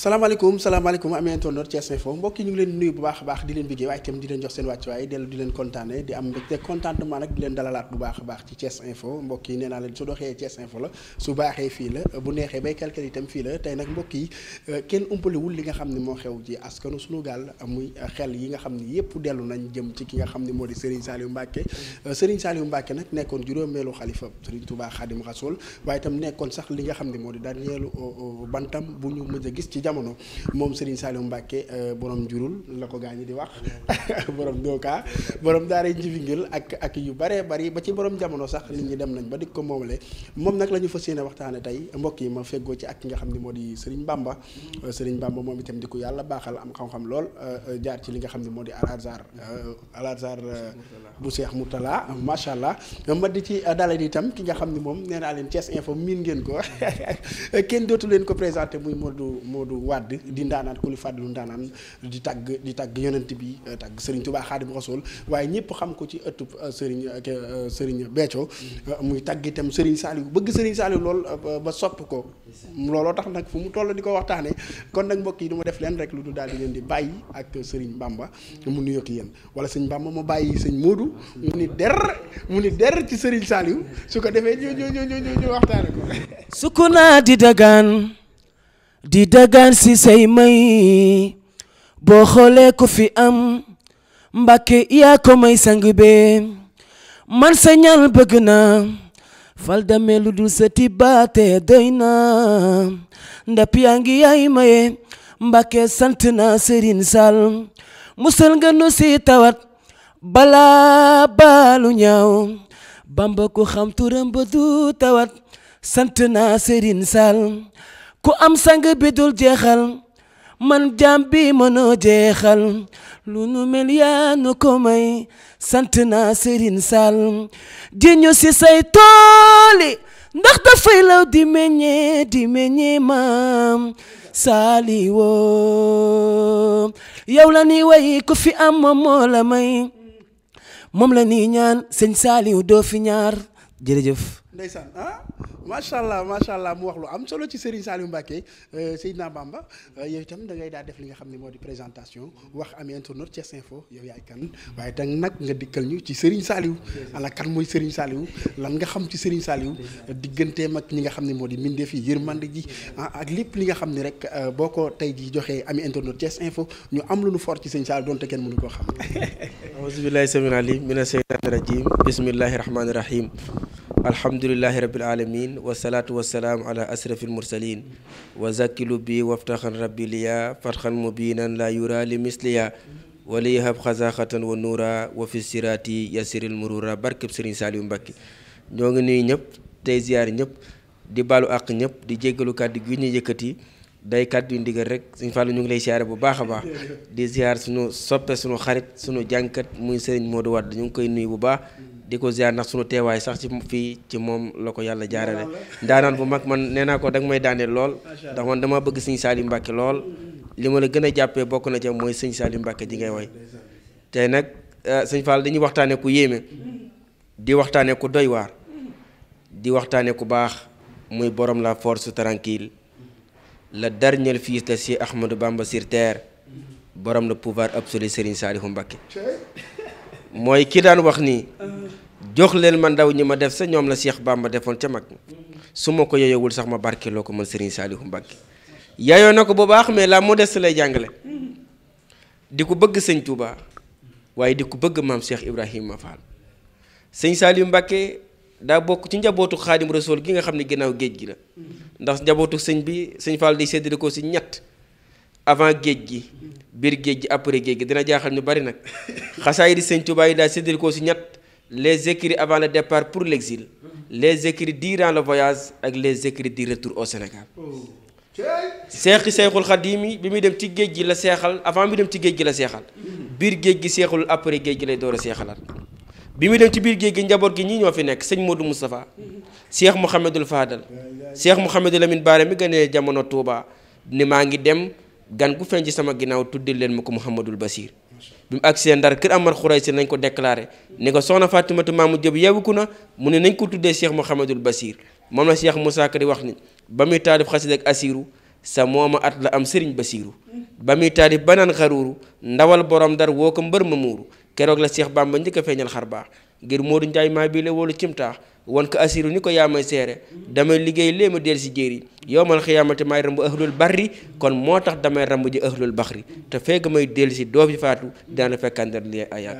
salaamaaleykum salaamaaleykum amee tondoor Thiès Info mbokk yi ñu ngi leen nuyu bu baax a baax di leen bëggee waaye itam di leen jox seen wàccuwaay dellu di leen kontaane di am mbégte a baax ci Thiès su doxee Thiès Info la su baaxee fii fii la tey nag mbokk yi euh, kenn umpalewul li nga xam ne moo xew ci askanu sunu gaal muy xel yi nga xam ni yëpp dellu nañ jëm ci ki nga xam ne moo di Serigne Saliou Mbacké euh, Serigne Saliou Mbacké nag nekkoon juróomeelu xalifa Serigne Touba Khadim Rassoul waaye itam nekkoon sax li nga xam ne moo di daaneelu euh, bantam bu ñu mën a gis ci jamono moom Serigne Saliou Mbacke euh, borom jurul la ko gaa ñi di wax borom dooka borom daara njifingil ak ak yu baree bari ba ci borom jamono sax nit ñi dem nañ ba dik ko moomale moom nag la ñu fas yéene waxtaane tey mbokk yi ma feggoo ci ak ki nga xam ne moo di Serigne Bamba euh, Serigne Bamba moom itam di ko yàlla baaxal am xam-xam lool euh, jaar ci li nga xam ne moo di Al Azhar Al Azhar bu Cheikh Mourtala macha allah ma di ci dalal itam ki nga xam ne moom nee naa leen Thiès Info miin ngeen ko kenn dootu leen ko présenté muy Modou Modou wàdd di ndaanaan ku li fàddilu ndaanaan di tàgg di tàgg yonent bi eh, tàgg Serigne Touba Xaadimu Rasuul waaye ñëpp xam ko ci ëttub eh, Serigne eh, Serigne Béthio muy tàgg itam Serigne Saliou bëgg Serigne Saliou lool ba sopp ko looloo tax nag fu mu toll di ko waxtaanee kon nag mbokk yi du ma def leen rek lu du daal di leen di bàyyi ak Serigne ba mu nuyoog yéen wala sëñ Bamba ma bàyyi sëñ Modou mu ni der mu ni der ci Serigne Saliou su ko defee ñu ñu ñu ñu ñu waxtaane ko. sukk naa di dagaan. di dagaan si say boo xoolee ko fi am mbàkke yaa ko may sang man sa ñaan bëgg na fal dame lu dul sa tibaate doy na ndap yaa maye mbàkke sant na sëriñ sal musal nga nu si tawat balaa baalu ñaaw bamba ko xam turam ba du tawat sant na sëriñ sal ku am sang bi dul jeexal man jaam bi mënoo jeexal lu nu mel yaa nu ko may sant naa Serigne Sall di ñu si say tooli ndax dafay law di meññee di maam Saliou yow la ni way ku fi am moom moo la may moom la ni ñaan sëñ Saliou doo fi ñaar jërëjëf ndeysaan ah? macha allah macha allah mu wax lu am solo ci Serigne Saliou Mbacké euh, Seydina Bamba euh, yow itam da ngay daal def li nga xam ne moo di présentation wax am internet Thiès Info yow yaay kan waaye dang nag nga dikkal ñu ci Serigne Saliou ana kan mooy Serigne Saliou lan nga xam ci Serigne Saliou digganteem ak ñi nga xam ne moo di mbindeef yi yërmande ji ah, ak lépp li nga xam ni rek euh, boo ko tey ji joxe am internet Thiès Info ñu am lu nu fort ci Serigne Saliou donte kenn mënu koo xam. auzu billahi samil alim mina seytaani rajim bismillahi rahmaani rahim alhamdulilahi rabil alamin wasalaatu wasalaam ala asrafi almursalin wa zakkilu bi waftaxan rabbi liya fatxan mubinan la yura li misliya waliyahab xasaxatan wa nuura wa fi siraati yasiril barkeb sëriñ Saaliyu Mbàkke ñoo ngi nuyu ñëpp tey ziyaar ñëpp di baalu ak ñëpp di jéggalu kàddu gi ñu yëkkati day kàddu yu ndigal rek suñ fàllu ñu ngi lay siyaare bu baax a baax di ziyaar suñu soppe suñu xarit suñu jànkat muy sëriñ Modou Wade ñu ngi koy nuyu bu baax di ko ziar ndax sunu teewaay sax ci fii ci moom la ko yàlla jaarale ndaanaan bu mag man nee naa ko danga may daaneel lool ndax man dama bëgg sëñ Saliou Mbacke lool li ma la gën a jàppee bokk na ca mooy sëñ Saliou Mbacke ji ngay woy tey nag eh, sëñ Fall dañuy waxtaanee ku yéeme di waxtaanee ku doy waar di waxtaanee ku baax muy borom la force tranquille le dernier fils de si Ahmadou Bamba sur ter borom le pouvoir absolu Serigne Saliou Mbacke mooy ki jox leen ma ndaw ñi ma def sa ñoom la Cheikh ma defoon ca mag su ma ko yeyowul sax ma barkeloo ko man Serigne Saliou Mbacké yeyoo na ko bu baax mais la modeste lay jàngale di ko bëgg sëñ Touba waaye di ko bëgg maam Cheikh ma Fall sëñ Saliou Mbacké daa bokk ci njabootu xaadim rasool gi nga xam ne ginnaaw géej gi la ndax njabootu sëñ bi sëñ Fall di séddale ko si ñett avant géej gi biir géej gi après géej gi dina jaaxal ñu bari nag xasaay di sëñ yi daa séddale ko si ñett. les écrits avant le départ pour l'exil les écrits durant le voyage ak les écrits du retour au Sénégal seexi seexul xadim yi bi muy dem ci géej gi la seexal avant muy dem ci géej gi la seexal biir géej gi seexul après géej gi lay door a seexalaat bi mu dem ci biir géej gi njaboot gi ñii ñoo fi nekk sëñ Modou Moustapha seex Mouhamadul Fadal seex Mouhamadul Amin Baare mi gënee jamono Touba ni maa ngi dem gan ku feeñ ci sama ginnaaw tuddil leen ma ko Mouhamadul Basir bi mu agsee ndar kër Amar Xuray si nañ ko déclaré ni ko soxna Fatimatu Maamu Jóob ko na mu ne nañ ko tuddee Cheikh Mouhamadul Basir moom la Cheikh Moussa Ka di wax ni ba muy taalif xasida ak Asiru sa mooma at la am Sëriñ Basiru ba muy taalif banaan xaruuru ndawal borom ndar woo ko mbër ma muuru keroog la baam ba njëkk a feeñal xar baax ngir Moodu Njaay maa bii la wóolu cimtaax wan ko asiru ni ko yaa may seere damay liggéey léema del si jéeri yowmal xiyaamati may ramb ahlul bari kon moo tax damay ramb ji ahlul baxri te fekk may del si doo fi faatu dina la fekkandar li ayaat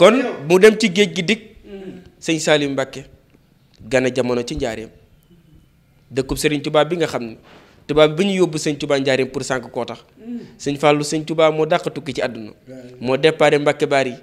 kon mu dem ci géej gi dikk sëñ Salim Mbàkke gane jamono ci njaareem dëkkub sëriñ tubaab bi nga xam ne tubaab bi ñu yóbbu sëñ Touba njaarim pour sànq koo tax sëñ Fallou sëñ Touba moo dàq tukki ci àdduna moo déparé Mbacke Bari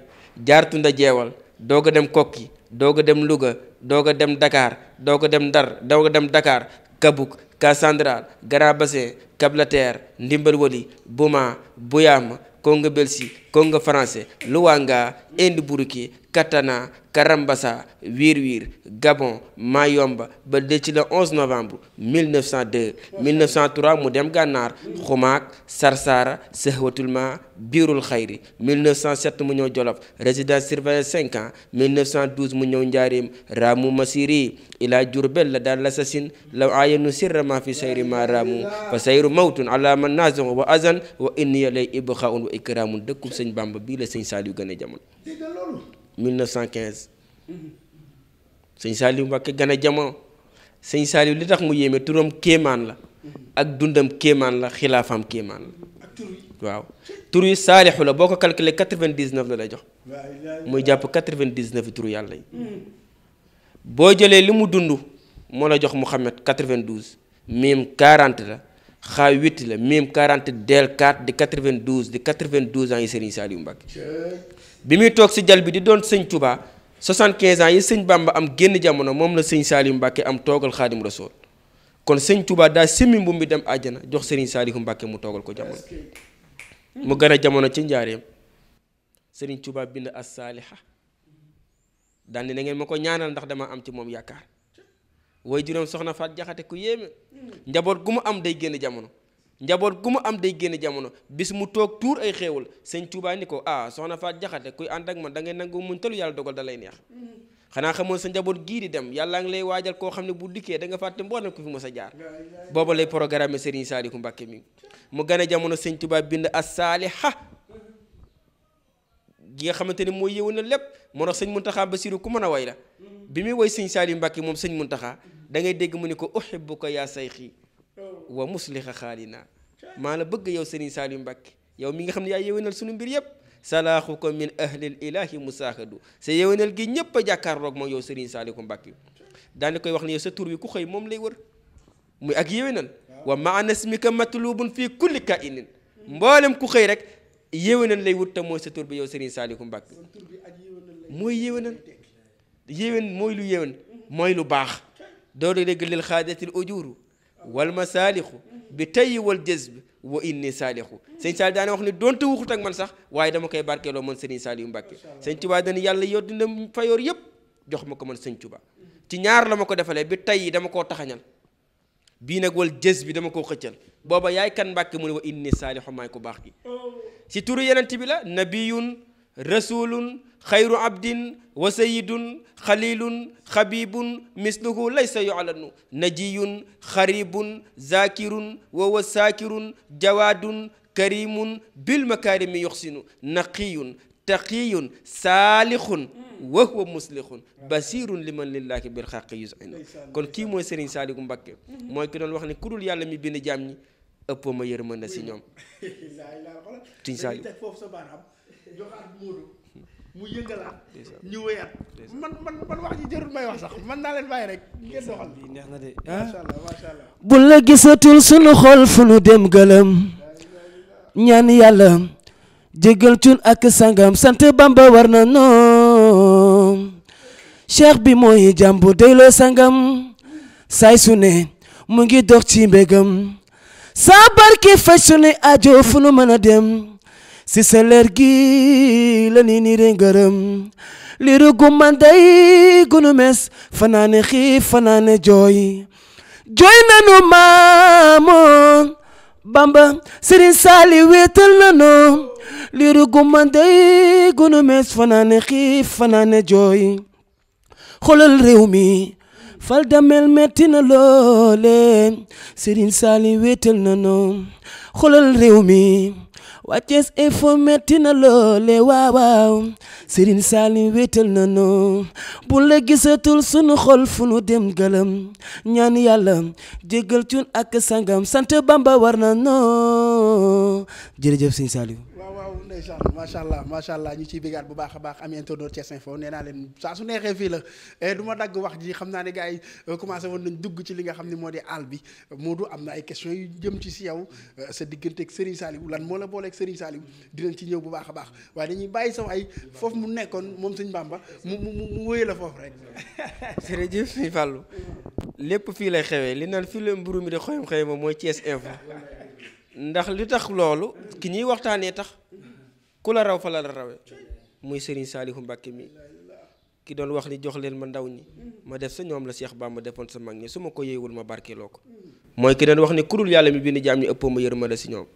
jaar Tunda jeewal doog a dem kokki doog a dem Louga doog a dem dakaar doo ko dem Ndar doog a dem Dakar Kabouk Kassandra Grand Bassing Kablater Ndimbal Wali Bouma Bouyama Kongo Belsi Kongo français Luwanga Inde Buruki Katana Karambasa Wirwir Gabon Mayomba ba de ci la 11 novembre 1902 1903 mu dem gànnaar Xumaak Sarsara Sehwatulma Biirul Xayri mu ñëw Jolof résidence surveillée 5 ans 1912 mu ñëw Njaareem Ramu Masiri ila Jurbel la daal l'assassin law ayanu sirrama fi sayri ma ramu fa sayru mawtun ala man wa azan wa inni lay ibxaun wa ikramun dëkkub sëñ Bamba bii la sëñ Saliou gën a jamono. dégg nga loolu. sëñ Saliou Mbacké gën a jamono sëñ Saliou li tax mu yéeme turam kéemaan la. ak dundam kéemaan la xilaafaam kéemaan la. ak tur yi waaw tur yi saalixu la boo ko calculé 99 la lay jox. muy jàpp 99 yi turu yàlla yi. boo jëlee li mu dund moo la jox Mouhamed 92. miim 40 la. xaa 8 la miim 40 del 4 di 92 di 92 ans yi Serigne Saliou Mbacké bi muy toog si jal bi di doon sëñ Touba 75 ans yi sëñ ba am génn jamono moom la sëñ Saliou Mbacké am toogal Xaadim Rasool kon sëñ Touba daa simmi mbubb mi dem àjjana jox Serigne Saliou Mbacké mu toogal ko jamono mu gën a jamono ci njaareem Serigne Touba bind as saaliha daal ni na ngeen ma ko ñaanal ndax dama am ci moom yaakaar njaboot gu mu am day génn jamono njaboot gu mu am day génn jamono bis mu toog tuur ay xéewal sañ Tuubaa ni ko ah soxna Faat Jaxate kuy ànd ak man da ngay nangu muñ talu yàlla dogal da lay neex xanaa xamoon sa njaboot gii di dem yàlla ngi lay waajal koo xam ne bu dikkee da nga fàtte mboolem ko fi a jaar booba lay programme Serigne Saliou Mbacké mi mu gane jamono sañ Tuubaa bind as-Saaliha gi nga xamante ne mooy yëwu na lépp moo tax sëñ Muntaxa Basiru ku mën a way la bi muy woy sëñ Saliou Mbacké moom sëñ da ngay dégg mu ni ko uhibbuka yaa sayxi wa musliha xaalina maa la bëgg yow Serigne Saliou Mbacké yow mi nga xam ne yaa yéwénal sunu mbir yëpp salaaxu ko min ahlil ilahi musaahadu sa yéwénal gi ñëpp a jàkkaarloog moom yow Serigne Saliou Mbacké daal di koy wax ne yow sa tur wi ku xëy moom lay wër muy ak yéwénal wa maana ismika matlubun fii kulli kainin mboolem ku xëy rek yéwénal lay wut te mooy sa tur bi yow Serigne Saliou Mbacké mooy yéwénal lu yéwén mooy lu baax doole léegi lil xaajati l ujuru wal masalixu bi tayyi wal jazb wa inni saalixu sëñ Saaliw daane wax ni donte wuxut ak man sax waaye dama koy barkeeloo man sëriñ Saaliw Mbàkke sëñ Tuubaa dañu yàlla yor dina fayoor yëpp jox ma ko man sëñ Tuubaa ci ñaar la ma ko defalee bi tey dama koo taxañal bii nag wal jës bi dama koo xëccal booba yaay kan Mbàkke mu ne wa inni saalixu maay ko baax gi ci turu yenent bi la nabiyun rasulun xayru abdin wa sayidun xalilun xabibun misluhu laysa yuclanu najiyun xaribun zakirun wa wasaakirun jawaadun karimun bilmakarimi yuxsinu naqiyun taqiyun saalixun wa huwa muslixun basirun liman lillahi bilxaqi yusinu kon kii mooy Serigne Saliou Mbacké mooy ki doon wax ne ku dul yàlla mi bind jaam ñi ëpp ma na si ñoom. mu yëngalaat. ñu wéyaat. man man man rek neex na de ah. bu la gisatul sunu xol fu lu dem gëlëm. ñaan yàlla. jégal cun ak sangam sant bamba war na noom. cheikh bi mooy jàmbu déyloo sangam. saay su mu ngi dox ci mbégam. saa barke faj sunu aajo fu nu dem. si sa gi la ni nire ngërëm liru gu manday gunu mes fanaane xiif fanaane jooy jooy nanu maamoon bamba sëriñ saali wéetal nanu liru gu manday gunu mes fanaane xiif fanaane jooy xoolal réew mi fal metti na loole sëriñ saali wéetal nanu xoolal réew waa Thiès info metti na loole waaw waaw Serigne Saliou na nu bu la gisatul sunu xol fu nu dem gëlëm ñaan yàlla jéggal cun ak sangam sant Bamba war na noo jërëjëf Serigne Saliou ndeysaan macha allah macha allah ñu ciy bégaat bu baax a baax am internaute Thiès Info nee naa leen saa su neexee fii la eh, du dagg wax ji xam naa ne gars yi euh, commencé woon nañ dugg ci li nga xam ne moo di àll bi Modou am na ay questions yu jëm ci si yow euh, sa diggante ak Serigne Saliou lan moo la booleeg Serigne Saliou dinañ ci ñëw bu baax a baax waaye dañuy bàyyi sa ay foofu mu nekkoon moom Serigne ba mu mu mu wëyee la foofu rek. jërëjëf fi fàllu lépp fii lay xewee li naan fii la mburu mi di xoyam xoyam mooy Thiès Info ndax li tax loolu ñuy waxtaanee tax ku la raw fa la la rawee muy Serigne Saliou Mbacké mi ki doon wax ni jox leen ma ndaw ñi ma def sa ñoom la baa ma defoon sa mag ñi su ma ko yeewul ma barkeeloo ko mooy ki doon wax ni kurul yàlla mi bind jaam ñi ëppoo ma ma yërmande si ñoom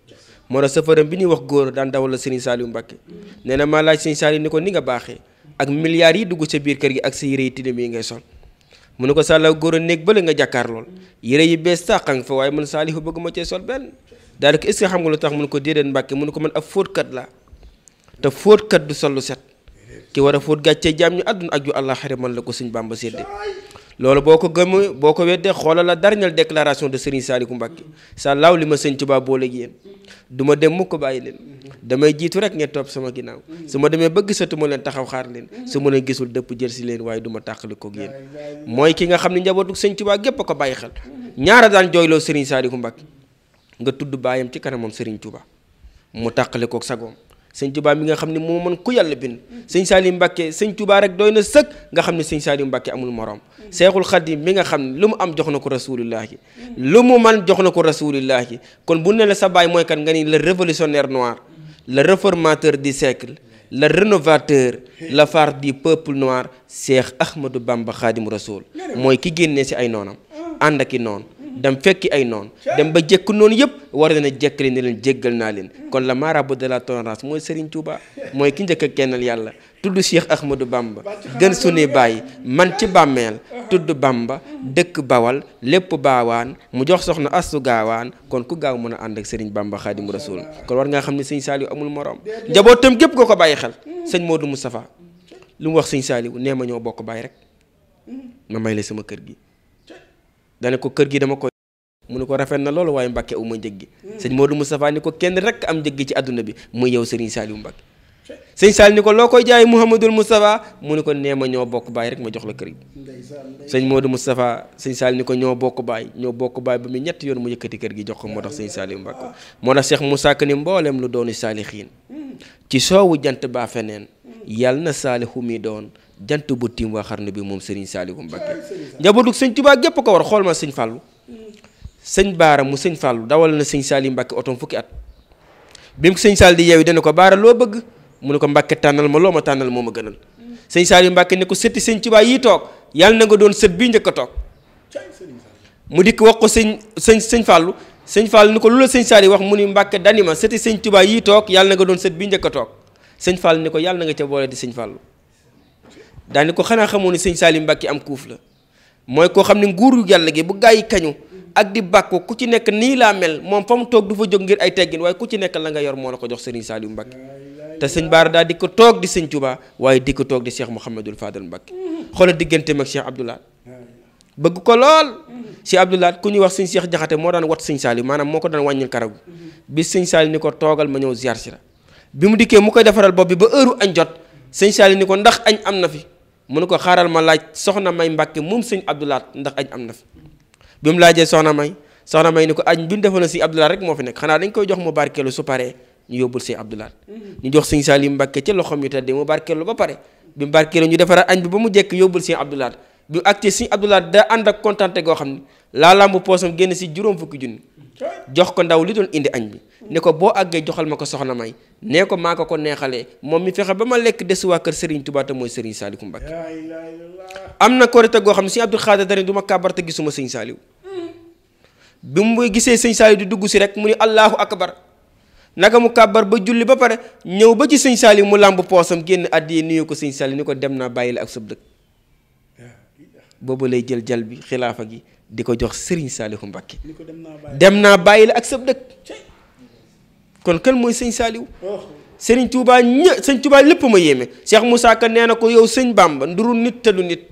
moo tax safaram bi ñuy wax góor daan dawal la Serigne Saliou Mbacké nee na maa laaj Serigne Saliou ni ko ni nga baaxee ak milliards yi dugg sa biir kër gi ak sa yére yi tilim yi ngay sol mu ne ko sàllaw góor a néeg bële nga jàkkaar lool yére yi bees sàqang fa waaye man Saliou bëgg ma cee sol benn daal ko est-ce xam nga lu tax mun ko déedéet Mbacké mu ne ko man ab fóotkat la te fóotkat du sol lu set ki war a fóot gàccee jaam ñu àdduna ak ju àllaaxira man la ko suñ bàmba sédde loolu boo ko gëmee boo ko weddee xoolal la dernière déclaration de Serigne Saliou Mbacké sa law li ma sëñ Tuubaa boole gi yéen du ma dem mukk bàyyi leen damay jiitu rek ngeen topp sama ginnaaw su ma demee ba gisatu leen taxaw xaar leen su ma leen gisul dëpp jël si leen waaye du ma tàqali koog mooy ki nga xam ne njabootu sëñ Tuubaa gépp a ko bàyyi xel ñaara daan jooyloo Serigne Saliou Mbacké nga tudd baayam ci kanamam Serigne Tuubaa mu tàqali koog sagoom sëñ Tuubaa mi nga xam ne moo mën ku yàlla bind sëñ Saaliw Mbàkke sëñ Tuubaa rek doy na sëkk nga xam ne sëñ Saaliw Mbàkke amul morom Seexul Xadiim mi nga xam ne lu mu am jox na ko rasulillahi lu mu man jox na ko rasulillahi kon bu ne la sa baay mooy kan nga ni la révolutionnaire noir la réformateur du siècle la rénovateur la phare du peuple noir Seex Ahmadou Bamba Xaadim Rasoul mooy ki génnee si ay noonam ah. ànd ak i noonu dem fekki ay noonu dem ba jekk noonu yëpp war na ne jekkale ne leen jéggal naa leen kon la marabout de la tolérance mooy Serigne Touba mooy ki njëkk a kennal yàlla tudd Cheikh Ahmadou Bamba gën suñuy bàyyi man ci bàmmeel tudd Bamba dëkk Bawal lépp baawaan mu jox soxna astu gaawaan kon ku gaaw mën a ànd ak Serigne Bamba Xaadimu Rasuul kon war ngaa xam ne sëñ Saliou amul moroom njabootam gépp goo ko bàyyi xel sëñ Modou Moustapha lu mu wax sëñ Saliou nee ma ñoo bokk bàyyi rek mm. ma may la sama kër gi dane ko kër gi dama ko mu ne ko rafet na loolu waaye Mbàkke uma njëg gi hmm. sëñ Modou Moustapha ni ko kenn rek am njëg gi ci àdduna bi muy yow Serigne Saliou Mbàkke sëñ Saal ni ko loo koy jaay Mouhamadul Moustapha mu ne ko nee ma ñoo bokk baay rek ma jox la kër sëñ Modou Moustapha sëñ ni ko ñoo bokk baay ñoo bokk baay ba mu ñetti yoon mu yëkkati kër gi jox ko moo tax sëñ Saliou Mbàkke hmm. moo tax seex mu sàkk ni mboolem lu doonu xiin hmm. ci soowu jant baa feneen yàlla na saalixu mi doon jant bu tiim waa xarnu bi moom saali Saliou Mbacké njabootu sëñ Tuubaa gépp ko war xool ma sëñ Fallou sëñ Baara mu sëñ Fallou dawal na sëñ Saliou Mbacké otoom fukki at bi sëñ Saliou di yeewi dana ko Baara loo bëgg mu ne ko Mbacké tànnal ma loo ma tànnal moo ma gënal sëñ Saliou Mbacké ne ko sëtti sëñ Tuubaa yi toog yàlla na nga doon sët bii njëkk a toog mu dikk wax ko sëñ sëñ sëñ Fallou sëñ Fallou ni ko lu la sëñ Saliou wax mu ni Mbacké dani ma sëtti sëñ yi toog yàlla na nga doon sët bi njëkk toog sëñ Fallou ni ko yàlla na nga ca boole di sëñ Fallou daani ko xanaa xamoo ne sëñ Salim Mbacke am kuuf la mooy koo xam ne nguuru yàlla gi bu gaa yi kañu ak di bàkku ku ci nekk nii laa mel moom fa mu toog du fa jóg ngir ay teggin waaye ku ci nekk la nga yor moo la ko jox sëriñ Salim Mbacke te sëñ Baara daa di ko toog di sëñ Touba waaye di ko toog di Cheikh Mouhamadul Fadal Mbacke xoolal digganteem ak Cheikh Abdoulaye bëgg ko lool si Abdoulaye ku ñuy wax sëñ Cheikh Jaxate moo daan wat sëñ saali maanaam moo ko daan wàññil karaw gi bi sëñ Salim ni ko toogal ma ñëw ziar si bi mu dikkee mu koy defaral bopp bi ba heure añ jot sëñ Salim ni ko ndax añ am na fi mu ne ko xaaral ma laaj soxna may mbàkke moom sëñ abdulaat ndax aj am na fi bi mu laajee soxna may soxna may ni ko aj bi ñu defoon si abdulaat rek moo fi nekk xanaa dañ koy jox mu barkeelu su paree ñu yóbbul sëñ abdulaat ñu jox sëñ salim mbàkke ci loxoom yu tedde mu barkeelu ba pare bi mu barkeelu ñu defaraat añ bi ba mu jekk yóbbul sëñ abdulaat bi mu acte sëñ abdulaat daa ànd ak kontante goo xam ne laa làmb poosam génn si juróom fukki junni jox ko ndaw li doon indi añ bi ne ko boo àggee joxal ma ko soxna may nee ko maa ko ko neexalee moom mi fexe ba ma lekk desu waa kër sëriñ Touba mooy Serigne saali Mbacké am na korite goo xam ne si Abdou Khadir du ma kàbbar gisuma Serigne Saliou bi mu gisee sëñ Saliou di dugg si rek mu ni allahu akbar naka mu kàbbar ba julli ba pare ñëw ba ci Serigne Saliou mu làmb poosam génn àddi nuyu ko Serigne Saliou ni ko dem naa bàyyi la ak sab dëkk boobu lay jël jal bi xilaafa gi di ko jox Serigne Saliou Mbacké dem naa bàyyi la ak sab dëkk kon kan mooy sëñ Saliou oh. Serigne Touba ñë sëñ Touba lépp ma yéeme Cheikh mu Ka nee na ko yow sëñ Bamba nduru nit tëdu nit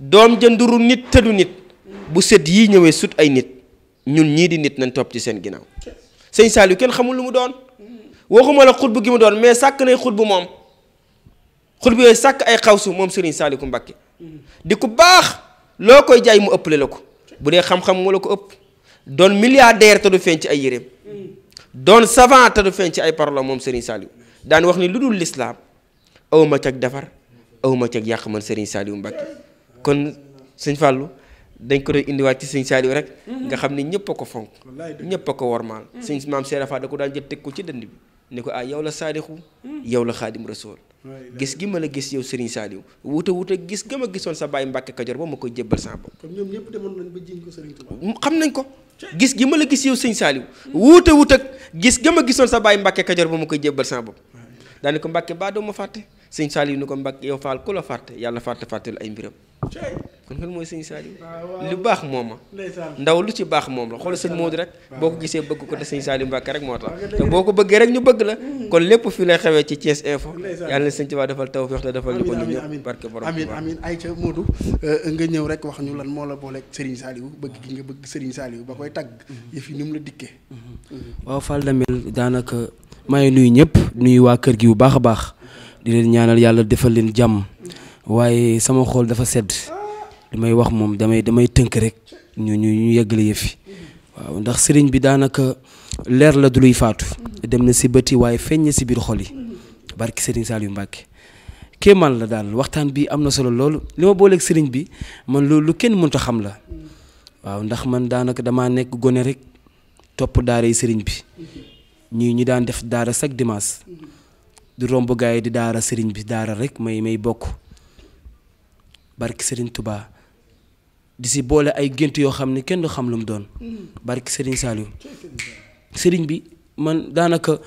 doom ja nduru nit tëdu nit bu sët yii ñëwee sut ay nit ñun ñii di nit nañ topp ci seen ginnaaw sëñ Saliou kenn xamul lu mu doon waxuma la xutbu gi mu doon mais sàkk nay xutbu moom xutbu yooyu sàkk ay xawsu moom Serigne Saliou Mbacké mm. di ku baax loo koy jaay mu ëppale la ko bu dee xam-xam moo la ko ëpp doon milliardaire te du feeñ ci ay yéreem doon savant te du feeñ ci ay paroles moom Serigne Saliou daan wax ni lu dul lislaam awma cag defar awma cag yàq man Serigne Saliou Mbacké kon sëñ Fallou dañ ko doon indiwaat ci sëñ Saliou rek mhm. nga xam ne ñëpp a ko fonk ñëpp a ko wormaal mhm. sëñ maam Serapha da ko daan jël teg ko ci dënd bi ni ko ah yow la saadixu mhm. yow la xaadim rasool gis gi ma la gis yow Serigne Saliou wuute wuute gis ga ma gisoon sa bàyyi Mbàkke Kajoor ba ma koy jébbal sa bopp. kon ñoom ñëpp demoon nañ ba mm, nañ ko gis gi ma la gis yow Serigne Saliou wuute wuute ak gis ga gisoon sa bàyyi Mbàkke Kajoor ba ma koy jébbal sa bopp. daani ko Mbàkke baa doo ma fàtte Serigne Saliou ni ko Mbàkke yow faal ku la fàtte yàlla fàtte fàttelu ay mbiram. kon loolu mooy sëñ Saliou ah, lu baax moom ma ndaw lu ci baax moom la xool sëñ Modou rek boo ko gisee bëgg ko te sëñ Saliou Mbacke rek moo tax te boo ko bëggee rek ñu bëgg la mm-hmm. kon lépp fii lay xewee ci Thiès info yàlla na sëñ waa defal taw feex la defal ñu ko ñu ñëpp barke borom amiin amiin Aïcha euh, nga ñëw rek wax ñu lan moo la booleeg Serigne Saliou bëgg gi nga bëgg Serigne Saliou ba koy tagg mm-hmm. yëf yi ni mu la dikkee mm-hmm. waaw Fall Damel daanaka maa ngi nuyu ñëpp nuyu waa kër gi bu baax a baax di leen ñaanal yàlla defal leen jàmm waaye sama xool dafa sedd ah, li may wax moom damay damay tënk rek ñoo ñu ñu yeggale yëf yi waaw ndax sëriñ bi daanaka leer la du luy faatu dem na si bëti waaye feeñ si biir xol yi barki sëriñ Saliou Mbacke kéemaan la daal waxtaan bi am na solo loolu li sëriñ bi man loolu lu kenn mënta xam la waaw ndax man daanaka damaa nekk gone rek topp daara sëriñ bi ñu ñu daan def daara sag dimaas du romb gars di daara sëriñ bi daara rek may may bokk barki sëriñ tubaa di si boole ay gént yoo xam ne kenn du xam lu mu doon mm-hmm. barki Serigne Saliou sëriñ bi man daanaka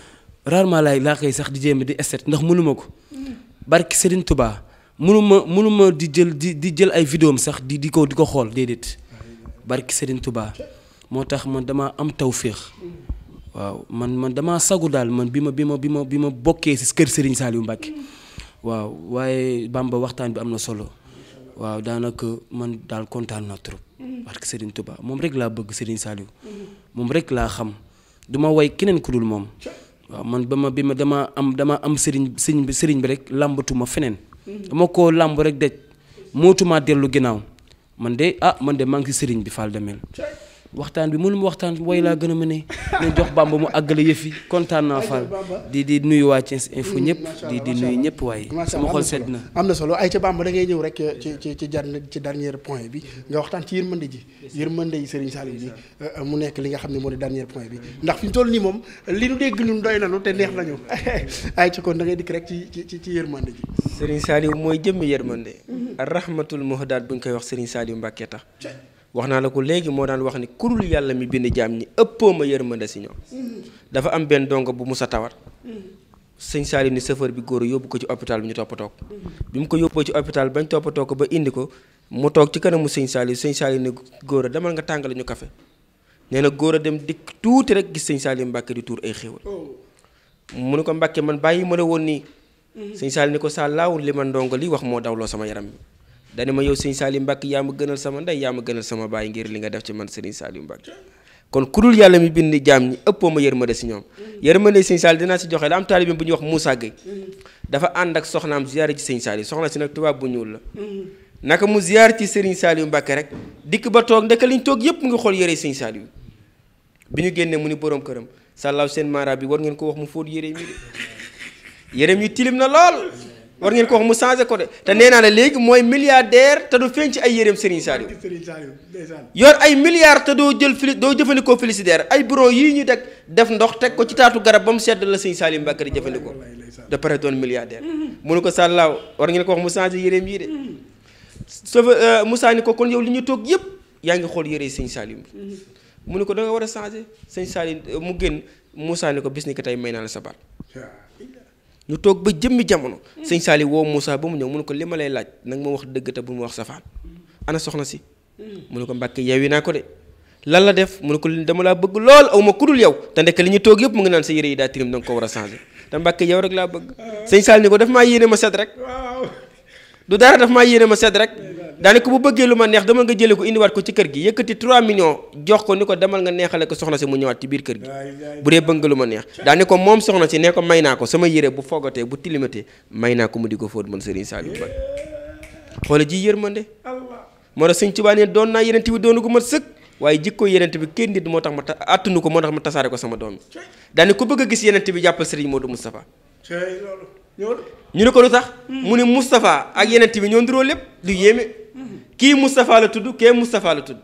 rarement laay laa koy sax di jéem di estet ndax mënuma ko mm-hmm. barki Serigne Touba mënuma mënuma di jël di di jël ay vidéom sax di di ko di ko xool déedéet barki sëriñ Touba moo tax man damaa am tawféex mm-hmm. waaw man man damaa sagu daal man bi ma bi ma bi ma bi ma bokkee si kër Serigne Saliou Mbacke waaw waaye Bamba waxtaan bi am na solo. waaw daanaka man daal kontaan naa trop. parce mm-hmm. que Serigne Touba moom rek laa bëgg Serigne Saliou. Mm-hmm. moom rek laa xam du ma woy keneen ku dul moom. waaw man ba ma bi ma damaa am dama am Serigne Serigne Serigne bi rek làmbatuma feneen. Mm-hmm. dama koo làmb rek daj mootuma dellu ginnaaw man de ah man de maa ngi si bi Fall Damel. waxtaan bi mënuma waxtaan woy laa gën a mëne nañ jox bamba mu àggale yëf yi kontaan naa Fall di di nuyu waa Thiès info mm, ñëpp di di nuyu ñëpp waaye sama xol sedd na am na solo ay ca bamba da ngay ñëw rek eh, ci ci ci jar ci dernier point bi nga waxtaan ci yërmande ji yërmande yi Serigne Saliou eh, eh, mu nekk li nga xam ne moo di dernier point bi ndax fi ñu moom li ñu dégg ñun doy neex nañu ay kon da ngay dikk rek ci ci ci yërmande ji Serigne Saliou mooy jëmmi yërmande mm-hmm. rahmatul muhdaat bu ñu koy wax Serigne Saliou Mbacké tax wax naa la ko léegi moo daan wax ni kurul yàlla mi bind jaam ñi ëppoo ma yërmande si ñoom mhm. dafa am benn dongo bu musa tawat mhm. sëñ Saaliw ni chauffeur bi góor yóbbu ko ci hôpital bi ñu toppatoo ko mhm. bi mu ko yóbboo ci hôpital bañ toppatoo ko ba indi ko mu toog ci kanamu sëñ Saaliw sëñ Saaliw ni góor a demal nga tàngale ñu kafe nee na góor a dem dikk tuuti rek gis sëñ Saaliw Mbàkke di tuur ay xéwal oh. mu ne ko Mbàkke man bàyyi ma la woon nii sëñ Saaliw ni ko saa l li ma ndongo wax moo dawloo sama yaram bi dani ma yow sëñ Saliou Mbacke yaa ma gënal sama ndey yaa ma gënal sama baay ngir li nga def ci man sëriñ Saliou Mbacke kon ku dul yàlla mi bind jaam ñi ëppoo ma yërmande si ñoom mm. yërmande sëñ Saliou dinaa si joxe la am taalibe bu ñuy mm. dafa ànd ak soxnaam ziyaare ci sëñ Saliou soxna si nag tubaab bu ñuul la mm. naka mu ziyaar ci sëriñ yu Mbacke rek dikk ba toog li ñu toog yépp mu ngi xool yëre sëñ Saliou bi ñu génnee mu ni boroom këram sàllaaw seen maara bi war ngeen ko wax mu fóot yëre mi de yëreem yi tilim war ngeen ko wax mu changé ko de te nee naa la léegi mooy milliardaire te du feeñ ci ay yéreem Serigne Saliou yor ay milliards te doo jël fili doo jëfandikoo félicitaire ay bureau yi ñu deg def ndox teg ko ci taatu garab ba mu sedd la Serigne Saliou Mbacké di jëfandikoo de pare doon milliardaire mm-hmm. mu ne ko sàllaaw war ngeen ko wax mu changé yéreem yii de mm-hmm. safa euh, Moussa ni ko kon yow li ñu toog yëpp yaa ngi xool yére Serigne Saliou bi mm-hmm. mu ne ko da war a changé Serigne euh, mu génn Moussa ko bis tey may naa la sa baat ñu toog ba jëmmi jamono mm. sëñ Saali woo Moussa ba mu ñëw mu ne ko li ma lay laaj nag ma wax dëgg te bu mu wax safaan mm. ana soxna si mm. mu ne ko mbàkke yi naa ko de lan la def mu ne ko dama laa bëgg lool aw ma kudul yow te ndekk li ñu toog yëpp mu ngi naan sa yére yi daa tirim danga ko war a changé te mbàkke yow rek laa bëgg sëñ Saali ni ko daf maa yéene ma set rek du dara daf maa yéene ma set rek daane ko bu bëggee lu ma neex dama nga jëlee ko indiwaat ko ci kër gi yëkkati 3 millions jox ko ni ko demal nga neexale ko soxna si mu ñëwaat ci biir kër gi bu dee bëgg nga lu ma neex daane ko moom soxna si ne ko may naa ko sama yére bu fogatee bu tilimatee may naa ko mu di ko fóot man Serigne Saliou Mbacké xoola ji yërmande moo tax Sëñ Tuubaa ne doon naa yeneen bi doonu ko ma sëkk waaye jikko yenent bi kenn nit moo tax ma ta attunu ko moo tax ma tasaare ko sama doom yi daane ku bëgg a gis yenent bi jàppal Serigne Modou Moustapha ñu ne ko lu tax hmm. mu ne Moustapha ak yenent bi ñoo nduróo lépp lu yéeme kii Moustapha la tudd kee Moustapha la tudd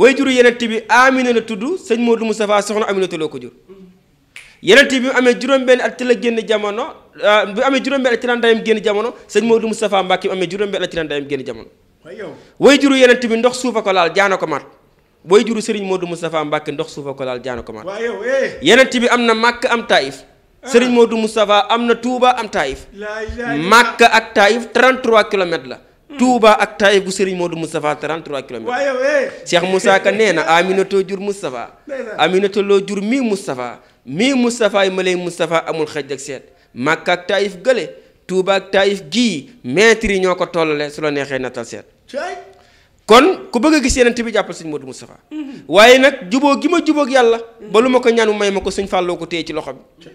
way juru yenent bi Amina la tudd sëñ Modou Moustapha soxna Aminata loo ko jur bi amee juróom-benn at ci la génn jamono euh, bi mu amee juróom-benn at ci la ndeyam génn jamono sëñ Modou Moustapha Mbacke mu amee juróom-benn at ci génn jamono way juru yenent bi ndox suufa ako laal jaana ko mat way juru sëriñ du Moustapha Mbacke ndox suufa ko laal jaana ko mat yenent eh. bi am na màkk am taif ah. sëriñ du Moustapha am na Touba am taif màkk ak taif 33 kilomètres la Touba ak Taïf gu Serigne Modou Moustapha 33 kilomètres. waaye eh. waaye. Cheikh Ka nee na Aminata jur Moustapha. Aminata jur mii Moustapha mii Moustapha yi ma lay Moustapha amul xëj ak seet Makka ak Taïf gële Touba ak Taïf gii maître yi ñoo ko tollale su la neexee natal seet. kon ku bëgg a gis yeneen bi jàppal sëñ Modou Moustapha. Mm-hmm. waaye nag jubóo gi ma jubóog yàlla. ba lu ma ko ñaan may ma ko suñ fàlloo ko téye ci loxo bi.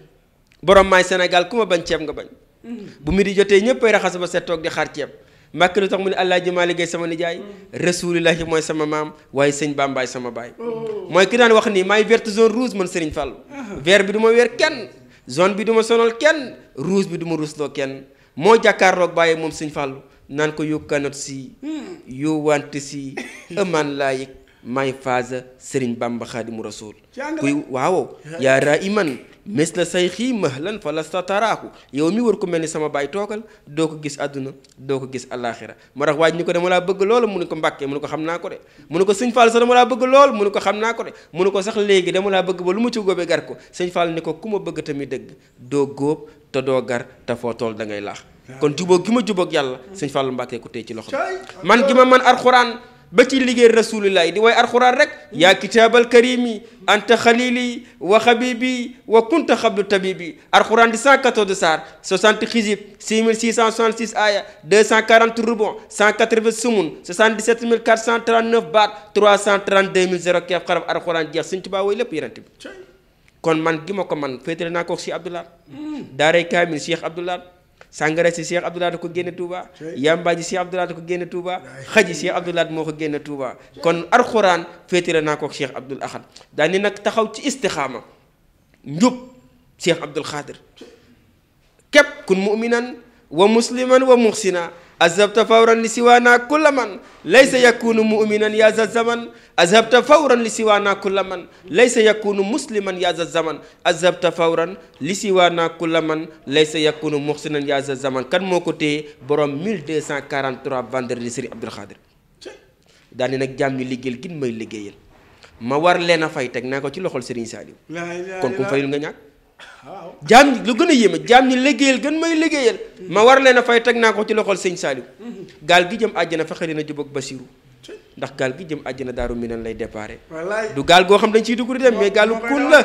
borom maay Sénégal ku ma bañ ceeb nga bañ. Mm-hmm. mi di ñëpp ay raxas ba set toog ceeb. Mbàkke lu tax mu ne Alaaji Maalik Gay sama nijaay mm. rasulillahi mooy sama maam waaye sëñ Bambaay sama baay mm. mooy ki daan wax nii maay verte zone rouge man Serigne Fall uh-huh. vert bi du ma weer kenn zone bi du ma sonal kenn rouge bi du ma ruusloo kenn moo jàkkaarloog bàyyi moom Serigne Fall naan ko you cannot see mm. you want si see a man like my father Serigne Bamba Xaadimu Rasuul kuy waaw yaa raa iman mis la say xii mahlan fa la sa taraaku yow mi war ko mel ni sama baay toogal doo ko gis àdduna doo ko gis alaxira moo tax ko dama laa bëgg lool mu ne ko mbàkkee mu ne ko xam naa ko de mu ne ko sëñ Fall sax lool ko xam naa ko de mu ko sax léegi dama laa bëgg ba lu ma ci góobee gar ko sëñ Fall ni ko ku ma bëgg tamit dëgg doo góob te doo gar te foo tool dangay ngay laax kon jubóog gi ma jubóog yàlla hmm. sëñ Fall Mbàkke ku téye ci loxo man gi ma man alxuraan ba ci liggéey rasulillahi di way alxuraan rek yaa kitaabal karimi anta xalili wa xabibi wa kunta xablu tabibi alxuraan di 114 saar 60 xisib 6666 aya 240 rubon 180 sumun 77 439 baat 332 0 keef xaraf alxuraan jeex suñ tubaa way lépp yérante bi kon man gi ma ko man féetale naa ko si Abdoulaye hmm. daaray kaamil Cheikh sàngara si Cheikh Abdoulaye da ko génne Touba yamba ji Cheikh Abdoulaye da ko génne Touba xaji Cheikh moo ko génne Touba kon alxuraan féetale naa ko Cheikh Abdoul Ahad daa ni nag taxaw ci istixaama njub Cheikh Abdoul Xaadir képp kun muminan wa musliman wa muxsina azhabta fawran li siwaana kulla man laysa yakunu muminan ya za zaman azhabta fawran li siwaana kulla man laysa yakunu musliman ya za zaman azhabta fawran li siwaana kulla man laysa yakunu muhsinan ya za zaman kan moo ko téye borom 1243 vendredi Serigne Abdoul Khadir daani nag jaam ñi liggéeyal gin may liggéeyal ma war leen a fay teg naa ko ci loxol Serigne Saliou kon ku mu fayul nga ñàkk jaam ñi lu gën a yéeme jaam ñi liggéeyal gën may liggéeyal ma war leen a fay teg naa ko ci loxol sëñ Saliou mhm. gaal gi jëm àjj àjjana fexe dina jub ak Basiru ndax gaal gi jëm àjjana daaru minan lay déparé du gaal goo xam dañ ciy dugg di dem mais gaalu kun la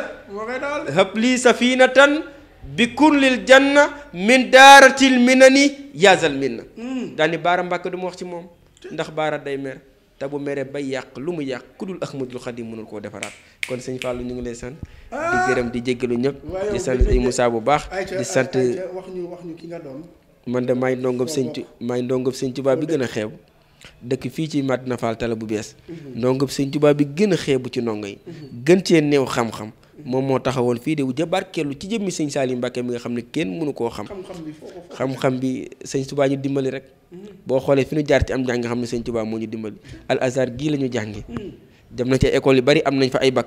hab lii safinatan bi kun lil janna min daaratil minani yaazal minna na mhm. ni baara mbàkk du ma wax ci moom ndax baara day mer te bu mere bay yàq lu mu yàq ku dul Ahmadul Xadim mënul koo defaraat kon sëñ Fallou ñu ngi lay sant ah! di gërëm di jéggalu ñëpp di sant sëñ bu baax di sant wax ñu wax ñu ki nga doon man de maay ndongob sëñ maay ndongob sëñ Tuubaa bi gën a xeeb dëkk fii ci Madina Fall Talla bu bees mhm. ndongob sëñ Tuubaa bi gën a xeebu ci ndongo yi mhm. gën cee néew xam-xam moom moo taxawoon fii de ja barkeelu ci jëmmi sëñ Saliou Mbacke bi nga xam ne kenn mënu koo xam. xam-xam bi sëñ Touba ñu dimbali rek. Mm-hmm. boo xoolee fi ñu jaar ci am jàng nga xam ne sëñ Touba moo ñu dimbali. Mm-hmm. al azar gii la ñu jàngi mm-hmm. dem na ci école yu bari am nañ fa ay bac.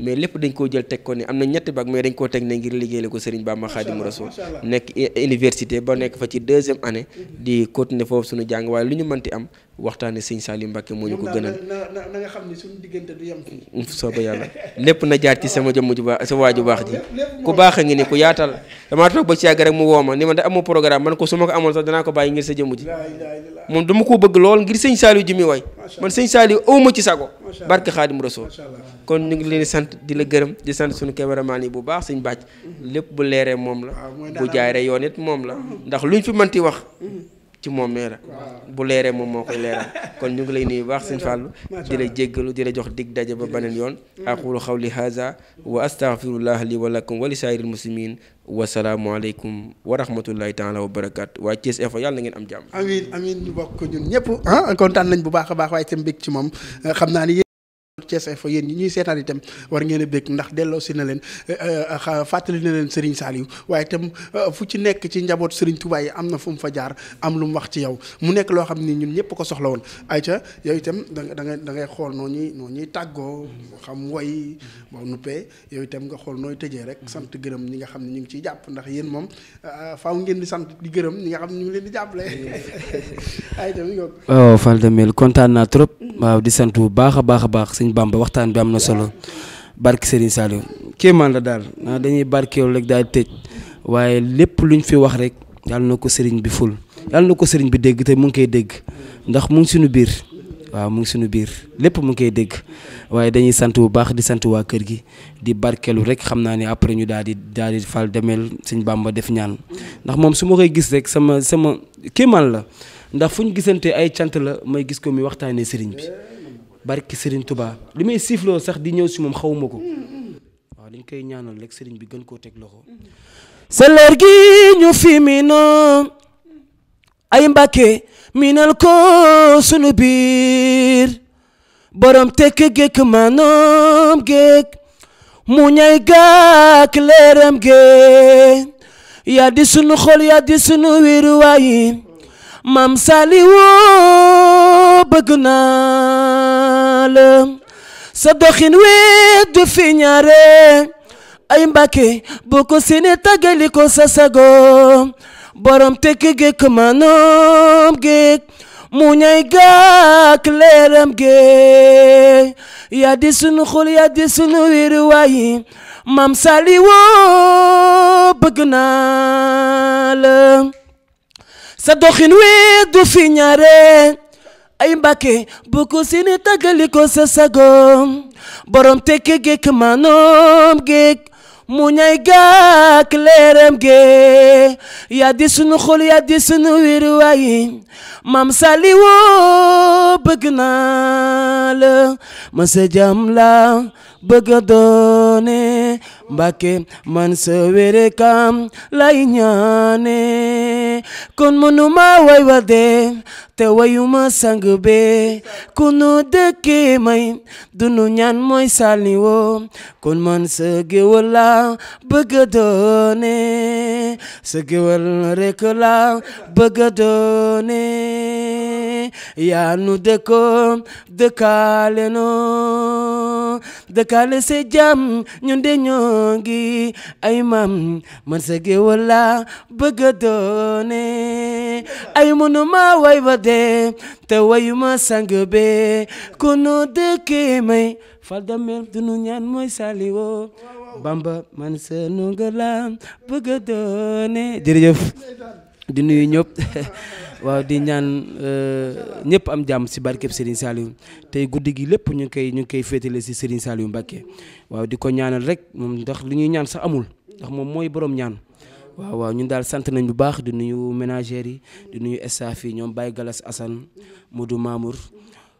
mais lépp dañ koo jël teg ko ne am na ñetti bac mais dañ koo teg ne ngir liggéeyale ko Serigne Bamba Khadim Rasoul nekk université ba nekk fa ci deuxième année. di continuer foofu suñu jàng waaye lu ñu am waxtaane sëñ Saliou Mbacke moo ñu ko gënal na nga xam ne suñu diggante du yem sooba yàlla lépp na jaar ci sama jëmm ju baax sa waa ju baax ji ku baax a ngi ni ku yaatal damaa toog ba ci yàgg rek mu woo ma ni ma da amoo programme man ko su ma ko amoon sax danaa ko bàyyi ngir sa jëmm ji moom dama ko bëgg lool ngir sëñ Saliou ji mi waay man sëñ Saliou awma ci sago barke Xaadim Rasul kon ñu ngi leen sant di la gërëm di sant suñu cameraman yi bu baax sëñ bàcc mm-hmm. lépp bu leeree moom la bu jaaree yoon it moom la mm-hmm. ndax luñ fi mënti wax mm-hmm. ci moom mee la bu leeree moom moo koy leeral kon ñu ngi lay nuyu baax sëñ Fallou di la jéggalu di la jox dig daje ba beneen yoon mm. aqulu xawli haza wa astaghfirullah li wa lakum wa li saa'iril muslimin wa salaamu aleykum wa rahmatullahi taala wa barakaatu waaye Thiès Info yàlla na ngeen am jàmm amin ñu bokk ñun ñëpp ah, kontaan nañ bu baax a baax waaye tam mbég ci moom mm. xam naa ni Thiès Info yéen ñi ñuy seetaan tam war ngeen a bég ndax delloo si na leen eh, eh, fàttali na leen Serigne Saliou waaye tam eh, fu ci nekk ci njaboot sëriñ Touba yi am na fu mu fa jaar am lu mu wax ci yow mu nekk loo xam ni ñun ñëpp ko soxla woon ayca yow itam da da ngay da ngay xool noo ñuy noo ñuy tàggoo xam woy boo nuppee yow itam nga xool nooy tëjee rek sant gërëm ñi nga xam ne ñu ngi ciy jàpp ndax yéen moom faw ngeen di sant di gërëm ñi nga xam ne ñu ngi leen di jàppale ayca mi ngoog waaw oh, kontaan naa sant bu baax a baax a baax sëñ Bamba waxtaan bi am na solo barke Serigne Saliou kéemaan la daal dañuy barkeelu rek daal di tëj waaye lépp lu luñ fi wax rek yàlla na ko sëriñ bi ful yàlla na ko sëriñ bi dégg te mu ngi koy dégg ndax mu ngi suñu biir waaw mu suñu biir lépp mu ngi koy dégg waaye dañuy sant bu baax di sant waa kër gi di barkeelu rek xam naa ne après ñu daal di daal di fal demeel Serigne Bamba def ñaan ndax moom su ma koy gis rek sama sama kéemaan la ndax fu ñu gisante ay cant la may gis ko mi waxtaanee Serigne bi. barki Serigne Touba li may siifloo sax di ñëw si moom xaw ko mm, mm. waaw dañ koy ñaanal rek sëriñ bi gën koo teg loxo. sa leer gi ñu fi miinoo ay mbàkke miinal ko sunu biir borom tekk géek maanoom géek mu ñay gaak leeram gee yaa sunu xol yaa di sunu wiruwaay maam Saliou bëgg naa la sa doxin wéet du fi ñaare ay Mbàkke bu ko sine tàggali ko sa sago borom tekki géeg maanoom géeg mu ñay gaak leeram géeg yaa di sunu xol yaa di sunu wéeruwaay maam Saliou bëgg naa la sa doxin wii du fi ñaare ay mbàkke bu ko si ni tàggali sa sagoom borom tekki géek maanoom mu ñay gàkk leeram ge yaa di sunu xol yaa di sunu wéruwaay maam Sali woo bëgg naa la ma sa la bëgg doone Mbàkke man sa wérekaam lay ñaane kon mënuma way wa dee te wayuma sang bee ku nu may du nu ñaan mooy sàlli woo kon man sa géwël la bëgga doone sa la bëgga yaa nu dëkkoon dëkkaale dëkkale se jàmm ñun de ñoo ngi ay mam man sa géwël laa doone ay mënu ma way ba dee te wayuma sang be ku nu may fal damel du nu ñaan mooy saliwoo bamba man sa nu nga laa bëgg doone jërëjëf di nuyu ñëpp waaw di ñaan euh, ñëpp am jàmm si barkeb Serigne Saliou tey guddi gi lépp ñu ngi koy ñu ngi koy féetale si Serigne Saliou Mbacké waaw di ko ñaanal rek moom ndax li ñuy ñaan sax amul ndax moom borom ñaan. waaw ñun daal sant nañ bu baax di nuyu ménagères yi di nuyu staff yi ñoom Baye Galas Assane Modou Mamour.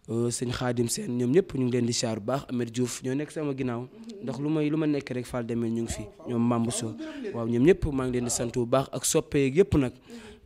Euh, sëñ xaadim seen ñoom ñëpp ñu ngi leen di char bu baax Ameth Diouf ñoo nekk sama ginnaaw ndax lu may lu ma nekk rek Fall demee ñu ngi fi ñoom Mambou So waaw ñoom ñëpp maa ngi leen di sant bu baax ak soppeek yëpp nag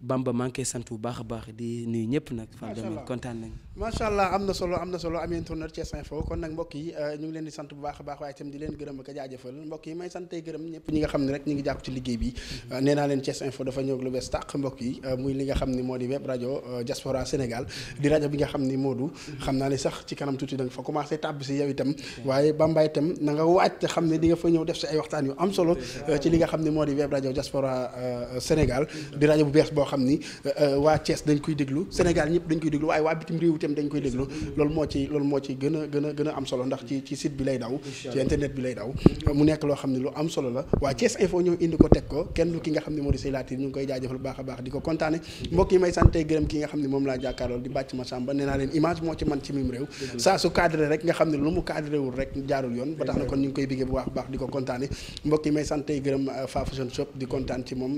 Bamba maa ngi koy sant bu baax a baax di nuyu ñëpp nag. macha allah kontaan nañ macha allah am na solo am na solo am internet Thiès Info kon nag mbokk yi euh, ñu ngi leen di sant bu baax a baax waaye itam di leen gërëm ak a jaajëfal mbokk yi may sant tey gërëm ñëpp ñi nga xam ne rek ñu ngi jàpp ci liggéey bi mm-hmm. euh, nee naa leen Thiès Info dafa ñëw ak lu bees tàq mbokk yi euh, muy li nga xam ne moo di web rajo diaspora Sénégal mm-hmm. di rajo bi nga xam ne Modou mm-hmm. xam naa ne sax ci kanam tuuti da nga fa commencé tàbb si yow itam waaye Bamba itam na nga waaj te xam ne di nga fa ñëw def si ay waxtaan yu am solo ci li nga xam ne moo di web rajo diaspora Sénégal di rajo bu bees boo xam ni euh, euh, waa Thiès dañ koy déglu Sénégal ñëpp dañ koy déglu waaye waa bitim réew itam dañ koy déglu loolu moo ci loolu moo ci gën a gën a am solo ndax ci ci site bi lay daw ci internet bi lay daw mu nekk loo xam ne lu am solo la waa Thiès info ñëw indi ko teg ko kenn ki nga xam ne moo di Sey Latir ñu ngi koy jaajëfal bu baax a baax di ko kontaane mbokk yi ki nga xam ne moom laa jàkkaarlool di bàcc ma sàmba nee naa leen image moo ci man ci mim réew saa su cadré rek nga xam ne lu mu cadré rek jaarul yoon ba tax na kon ñu ngi koy a baax di ko euh, moom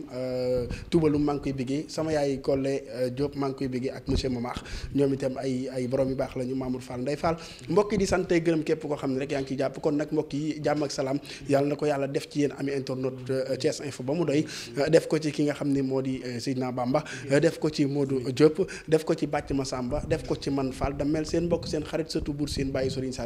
tubalu maa ngi koy Kolle sama yaay Kolle euh, Diop maa ngi koy béggee ak monsieur Momar ñoom itam ay ay borom yu baax la ñu Mamour Fall Ndeye Fall mbokk yi di sant gërëm képp koo xam ne rek yaa ngi ciy jàpp kon nag mbokk yi jàmm ak salaam yàlla na ko yàlla def ci yéen ami internet euh, Thiès Info ba mu doy euh, def ko ci ki nga xam ni moo di Seydina Bamba def ko ci Modou Diop def ko ci Bàcc Masamba def ko ci man Fall da mel seen mbokk seen xarit surtout buur seen bàyyi Sëriñ Sall